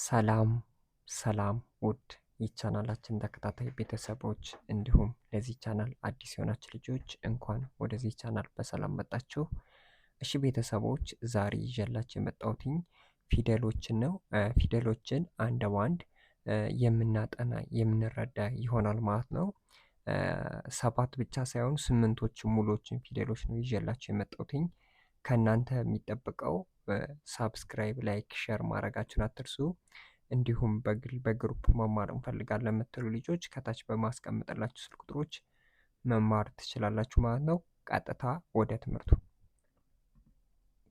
ሰላም ሰላም ውድ ይቻናላችን ተከታታይ ቤተሰቦች እንዲሁም ለዚህ ቻናል አዲስ የሆናችሁ ልጆች እንኳን ወደዚህ ቻናል በሰላም መጣችሁ። እሺ ቤተሰቦች ዛሬ ይዤላችሁ የመጣሁትኝ ፊደሎችን ነው። ፊደሎችን አንድ በአንድ የምናጠና የምንረዳ ይሆናል ማለት ነው። ሰባት ብቻ ሳይሆን ስምንቶችን ሙሎችን ፊደሎች ነው ይዤላችሁ የመጣሁትኝ ከእናንተ የሚጠበቀው ሳብስክራይብ፣ ላይክ፣ ሸር ማድረጋችሁን አትርሱ። እንዲሁም በግል በግሩፕ መማር እንፈልጋለን ለምትሉ ልጆች ከታች በማስቀመጥላችሁ ስልክ ቁጥሮች መማር ትችላላችሁ ማለት ነው። ቀጥታ ወደ ትምህርቱ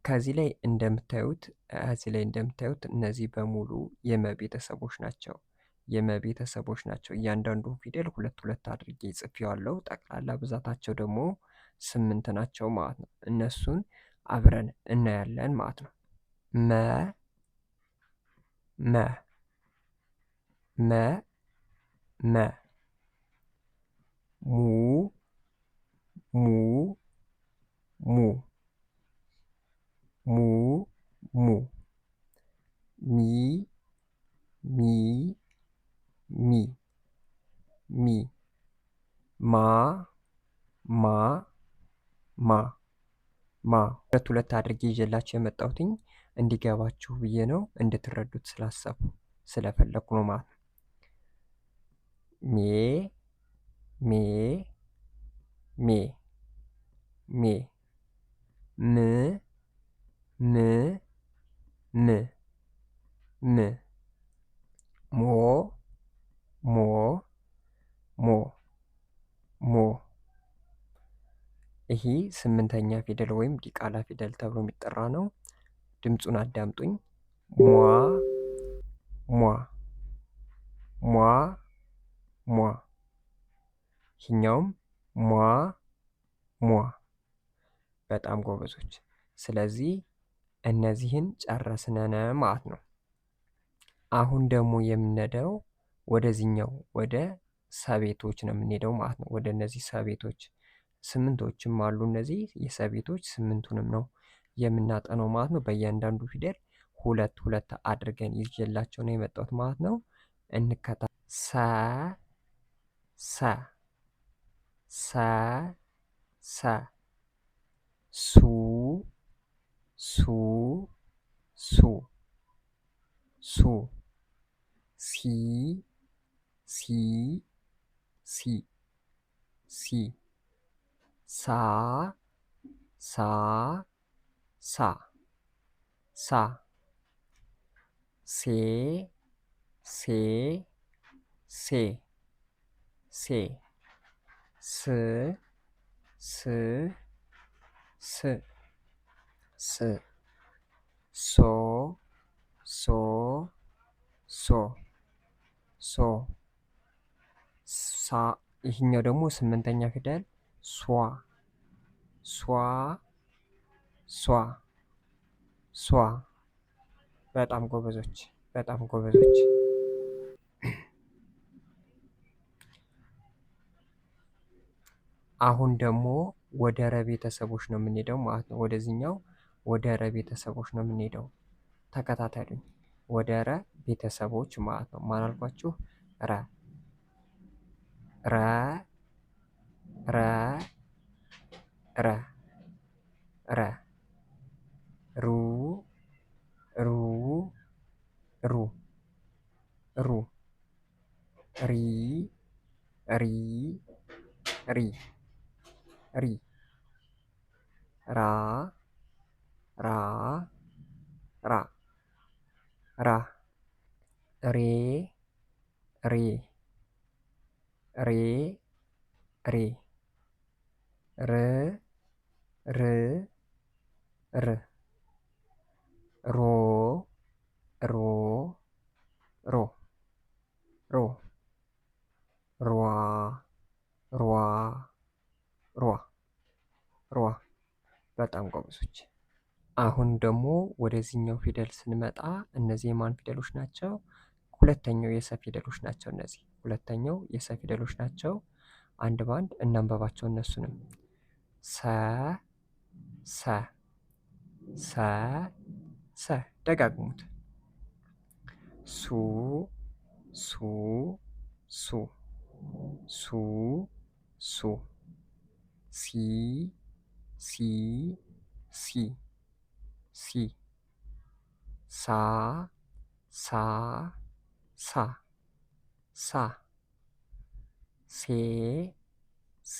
ከዚህ ላይ እንደምታዩት ከዚህ ላይ እንደምታዩት እነዚህ በሙሉ የመቤተሰቦች ናቸው። የመቤተሰቦች ናቸው። እያንዳንዱ ፊደል ሁለት ሁለት አድርጌ ጽፌዋለሁ። ጠቅላላ ብዛታቸው ደግሞ ስምንት ናቸው ማለት ነው። እነሱን አብረን እናያለን ማለት ነው። መ መ መ መ ሙ ሙ ሙ ሙ ሙ ሚ ሚ ሚ ሚ ማ ማ ማ ማ ሁለት ሁለት አድርጌ ይዤላችሁ የመጣሁትኝ እንዲገባችሁ ብዬ ነው እንድትረዱት ስላሰብኩ ስለፈለግኩ ነው ማለት ነው። ሜ ሜ ሜ ሜ ም ም ም ም ሞ ሞ ሞ ሞ ይሄ ስምንተኛ ፊደል ወይም ዲቃላ ፊደል ተብሎ የሚጠራ ነው። ድምፁን አዳምጡኝ። ሟ ሟ ሟ ሟ። ይህኛውም ሟ ሟ። በጣም ጎበዞች። ስለዚህ እነዚህን ጨረስነን ማለት ነው። አሁን ደግሞ የምንሄደው ወደዚህኛው ወደ ሰቤቶች ነው የምንሄደው ማለት ነው። ወደ እነዚህ ሰቤቶች ስምንቶችም አሉ። እነዚህ የሰቤቶች ስምንቱንም ነው የምናጠነው ማለት ነው። በእያንዳንዱ ፊደል ሁለት ሁለት አድርገን ይዤላቸው ነው የመጣሁት ማለት ነው። እንከታ ሰ ሰ ሰ ሰ ሱ ሱ ሱ ሱ ሲ ሲ ሲ ሲ ሳ ሳ ሳ ሳ ሴ ሴ ሴ ሴ ስ ስ ስ ስ ሶ ሶ ሶ ሶ ሳ ይህኛው ደግሞ ስምንተኛ ፊደል ሷ ሷ ሷ ሷ። በጣም ጎበዞች፣ በጣም ጎበዞች። አሁን ደግሞ ወደ ረ ቤተሰቦች ነው የምንሄደው ማለት ነው። ወደዚህኛው ወደ ረ ቤተሰቦች ነው የምንሄደው። ተከታተሉኝ። ወደ ረ ቤተሰቦች ማለት ነው። ማን አልኳችሁ? ረ ረ ረ ረ ረ ሩ ሩ ሩ ሩ ሪ ሪ ሪ ሪ ራ ራ ራ ራ ሬ ሬ ሬ ሬ ር ር ር ሮ ሮ ሮ ሮ ሯ ሯ ሯ ሯ በጣም ጎበዞች። አሁን ደግሞ ወደዚህኛው ፊደል ስንመጣ እነዚህ የማን ፊደሎች ናቸው? ሁለተኛው የሰ ፊደሎች ናቸው። እነዚህ ሁለተኛው የሰ ፊደሎች ናቸው። አንድ ባንድ እናንበባቸው እነሱንም ሰ ሰ ሰ ሰ ደጋግሙት። ሱ ሱ ሱ ሱ ሱ ሲ ሲ ሲ ሲ ሳ ሳ ሳ ሳ ሴ ሴ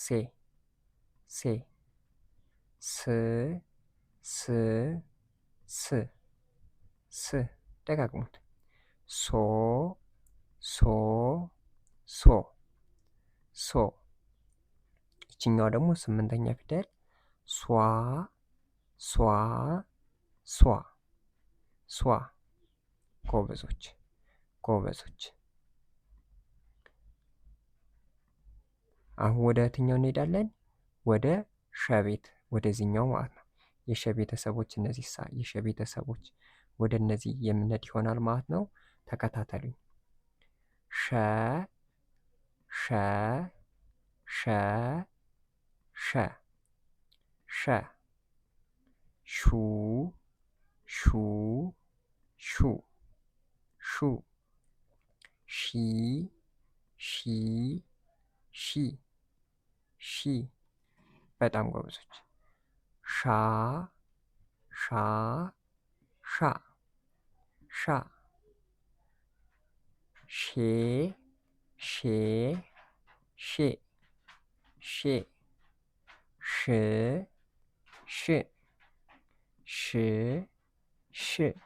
ሴ ሴ ስ ስ ስ ስ ደጋግሙት። ሶ ሶ ሶ ሶ ይችኛዋ ደግሞ ስምንተኛ ፊደል ሷ ሷ ሷ ሷ ጎበዞች ጎበዞች አሁን ወደ የትኛው እንሄዳለን? ወደ ሸቤት ወደዚህኛው ማለት ነው። የሸ ቤተሰቦች እነዚህ ሳ የሸ ቤተሰቦች ወደ እነዚህ የምንሄድ ይሆናል ማለት ነው። ተከታተሉኝ። ሸ ሸ ሸ ሸ ሸ ሹ ሹ ሹ ሹ ሺ ሺ 西西，拍打我鼻子。沙沙沙沙，谢谢谢谢，谢谢谢谢，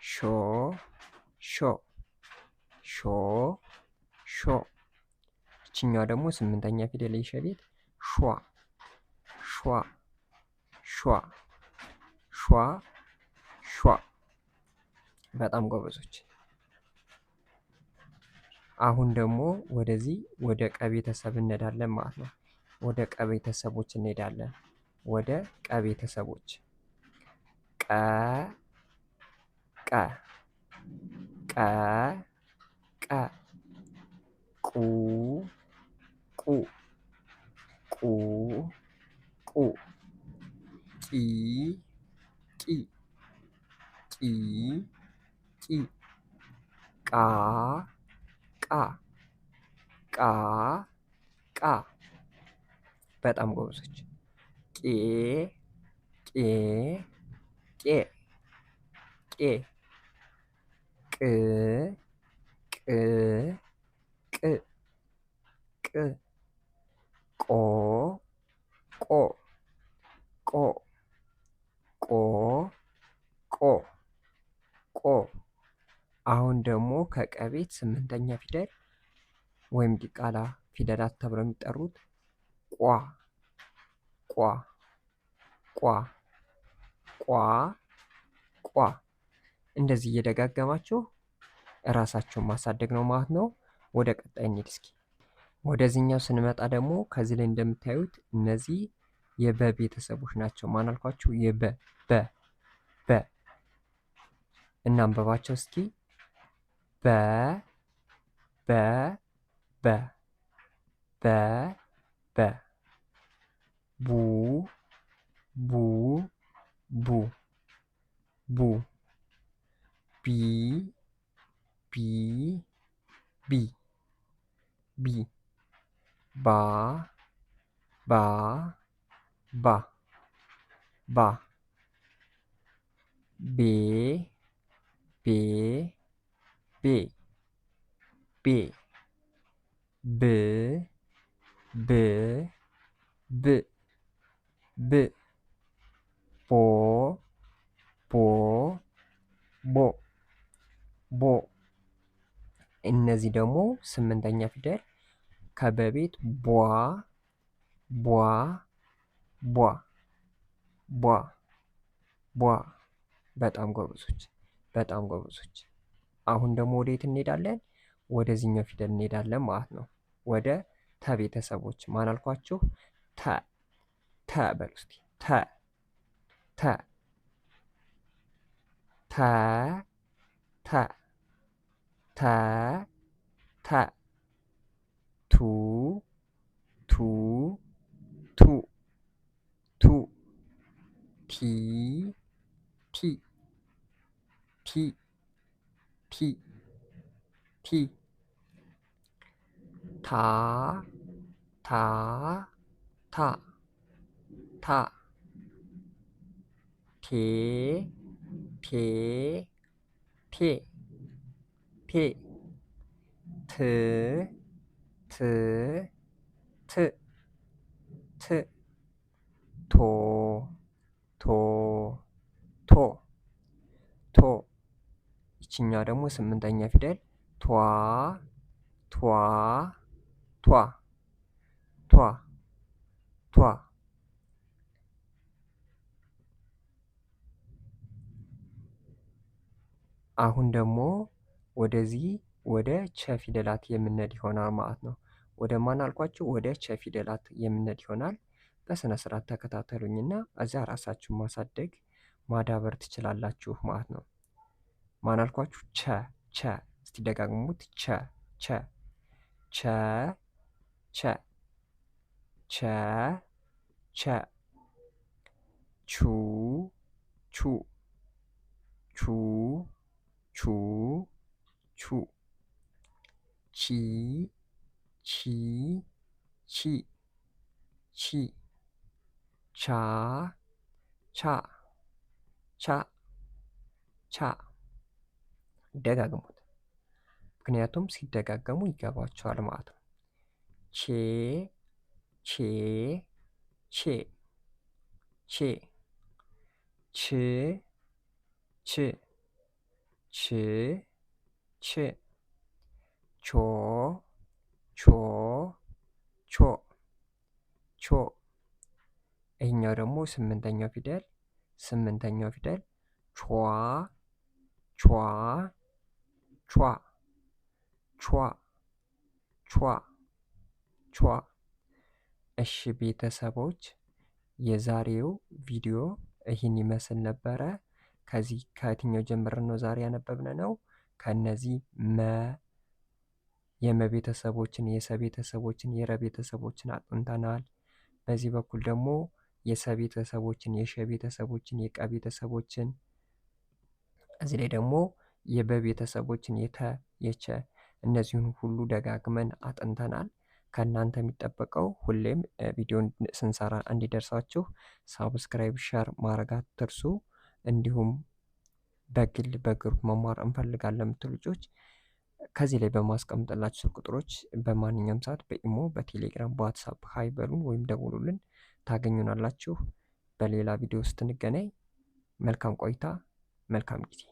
少少少少。ይችኛዋ ደግሞ ስምንተኛ ፊደል የሸ ቤት ሿ ሿ ሿ ሿ ሿ። በጣም ጎበዞች። አሁን ደግሞ ወደዚህ ወደ ቀ ቤተሰብ እንሄዳለን ማለት ነው። ወደ ቀ ቤተሰቦች እንሄዳለን። ወደ ቀ ቤተሰቦች ቀ ቀ ቀ ቀ ቁ ቁ ቁ ቁ ቂ ቂ ቂ ቂ ቃ ቃ ቃ ቃ በጣም ጎበዞች። ቄ ቄ ቄ ቄ ቅ ቅ ቅ ቅ ቆ ቆ ቆ ቆ ቆ ቆ አሁን ደግሞ ከቀቤት ስምንተኛ ፊደል ወይም ዲቃላ ፊደላት ተብለው የሚጠሩት ቋ ቋ ቋ ቋ ቋ እንደዚህ እየደጋገማችሁ እራሳችሁን ማሳደግ ነው ማለት ነው። ወደ ቀጣይ እንሂድ እስኪ። ወደዚህኛው ስንመጣ ደግሞ ከዚህ ላይ እንደምታዩት እነዚህ የበ ቤተሰቦች ናቸው። ማን አልኳችሁ? የበ በ በ እናንበባቸው እስኪ በ በ በ በ በ ቡ ቡ ቡ ቡ ቢ ቢ ቢ ቢ ባ ባ ባ ባ ቤ ቤ ቤ ቤ ብ ብ ብ ብ ቦ ቦ ቦ ቦ እነዚህ ደግሞ ስምንተኛ ፊደል ከበቤት ቧ ቧ ቧ ቧ ቧ። በጣም ጎበዞች፣ በጣም ጎበዞች። አሁን ደግሞ ወዴት እንሄዳለን? ወደዚህኛው ፊደል እንሄዳለን ማለት ነው። ወደ ተ ቤተሰቦች ማን አልኳችሁ? ተ ተ በሉ እስኪ ተ ተ ተ ተ ተ ተ 투, 투, 투, 투, 티, 티, 티, 티, 티, 다, 다, 타, 타, 피, 피, 피, 피, 트, ት ት ት ቶ ቶ ቶ ቶ ይችኛዋ ደግሞ ስምንተኛ ፊደል ቷ ቷ ቷ ቷ ቷ አሁን ደግሞ ወደዚህ ወደ ቸ ፊደላት የምነድ ይሆናል ማለት ነው። ወደ ማን ወደ ቸ ፊደላት የምነድ ይሆናል። በስነ ስርዓት ተከታተሉኝና እዚያ ራሳችሁን ማሳደግ ማዳበር ትችላላችሁ ማለት ነው። ማን አልኳችሁ? ቸ ቸ እስቲ ደጋግሙት። ቸ ቸ ቸ ቸ ቸ ቸ ቹ ቹ ቹ ቹ ቹ ቺ ቺ ቺ ቺ ቻ ቻ ቻ ቻ ደጋግሙት። ምክንያቱም ሲደጋገሙ ይገባቸዋል ማለት ነው። ቼ ቼ ቼ ቼ ች ች ች ች ቾ ቾ ቾ ቾ። ይህኛው ደግሞ ስምንተኛው ፊደል ስምንተኛው ፊደል ቿ ቿ ቿ ቿ ቿ ቿ። እሺ ቤተሰቦች የዛሬው ቪዲዮ ይህን ይመስል ነበረ። ከዚህ ከየትኛው ጀምረን ነው ዛሬ ያነበብነ ነው? ከነዚህ መ የመቤተሰቦችን የሰቤተሰቦችን የረቤተሰቦችን አጥንተናል። በዚህ በኩል ደግሞ የሰቤተሰቦችን የሸቤተሰቦችን የቀቤተሰቦችን እዚህ ላይ ደግሞ የበቤተሰቦችን የተ የቸ እነዚሁን ሁሉ ደጋግመን አጥንተናል። ከእናንተ የሚጠበቀው ሁሌም ቪዲዮን ስንሰራ እንዲደርሳችሁ ሳብስክራይብ፣ ሸር ማድረግ አትርሱ። እንዲሁም በግል በግሩፕ መማር እንፈልጋለን ምትሉ ልጆች ከዚህ ላይ በማስቀምጥላችሁ ስልክ ቁጥሮች በማንኛውም ሰዓት በኢሞ፣ በቴሌግራም፣ በዋትሳፕ ሀይ ወይም ደውሉልን ታገኙናላችሁ። በሌላ ቪዲዮ ስትንገናኝ መልካም ቆይታ፣ መልካም ጊዜ